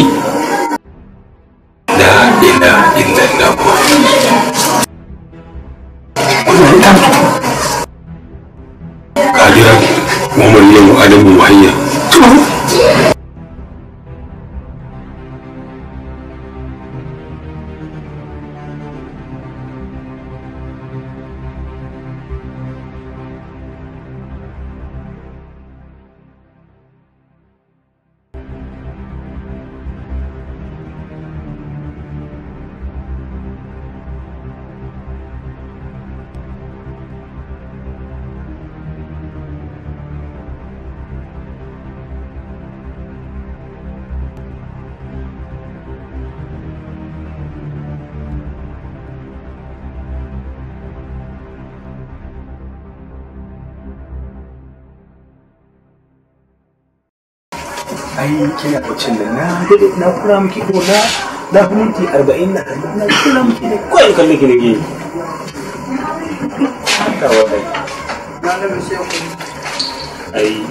kai la ilaha illallah wannan ita kadira ne ai kina kwacin da na dade na kula miki ko na na minti 40 na na kula miki ne ko ai kalle ki ne ta wadai ai ai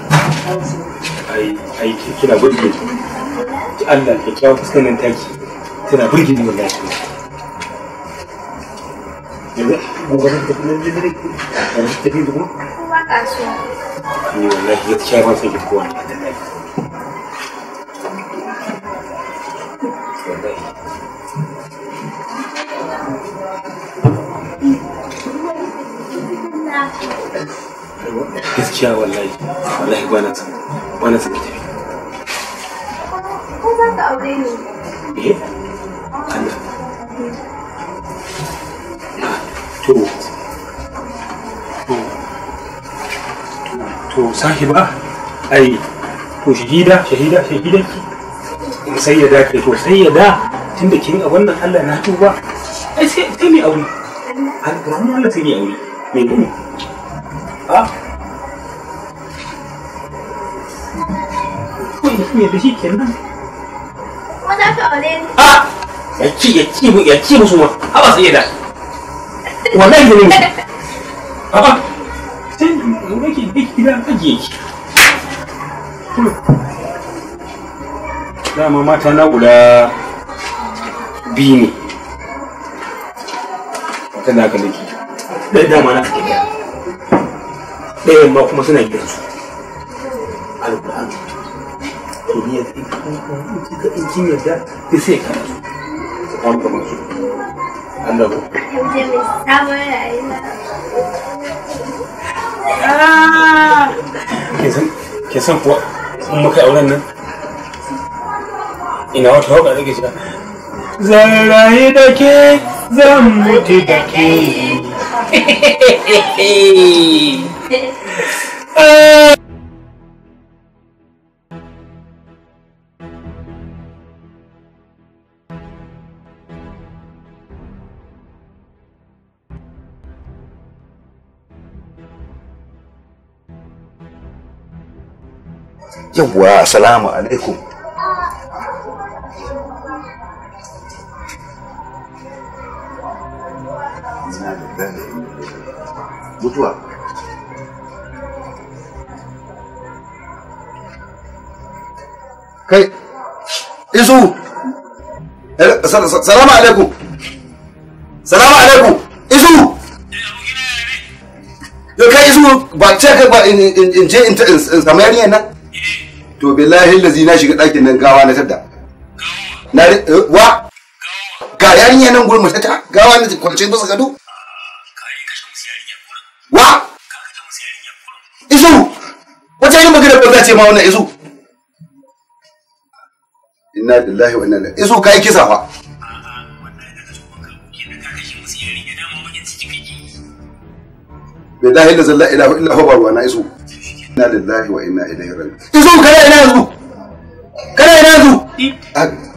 ai kina Ay ki Allah ki kyawu fuskar nan taki tana burge ni wallahi yanzu gobe ta tafi nan jirgin ta tafi duk ma kasuwa ni wallahi gaskiya ban sai ki kai gaskiya wallahi wallahi ba ko za ka aure ni eh Allah ah, to to sahiba ai to shahida shahida shahida sai ya da ko sai ya da tunda kin abin nan Allah na tuba ai sai sai mai aure Allah sai aure gani a kun yi da shi kenan kuma za ka aure ni a ya ci ya ci mu ya ci musu ma a ba sai ya da wallahi ne a sai mu yake duk gidan ajiye ki dama mata na guda biyu ne wata da aka liki ɗaya dama na ake gaya ɗaya ma kuma suna gidansu alƙur'an to ni yadda in ki sai ka rasu ta kawo gaban su Allah ko ah! ke san kuwa in muka auren nan ina wata waka take shiga zan rayu da ke zan mutu da ke yawwa salamu alaikum ina da gane mutuwa kai isu salamu alaikum isu yo kai isu ba ce ba in je in samu yarinyar nan to billahi na shiga ɗakin nan gawa na tadda na eh, wa ga yarinya nan gurin ta gawa na kwance bisa gado wa izu Wace yin magana banza ce ma wannan izu inna lillahi wa inna ilaihi izu kai kisa fa dahi da zalla illa huwa ruwana izu inna lillahi wa inna ilaihi izu ina yanzu kana ina yanzu ah,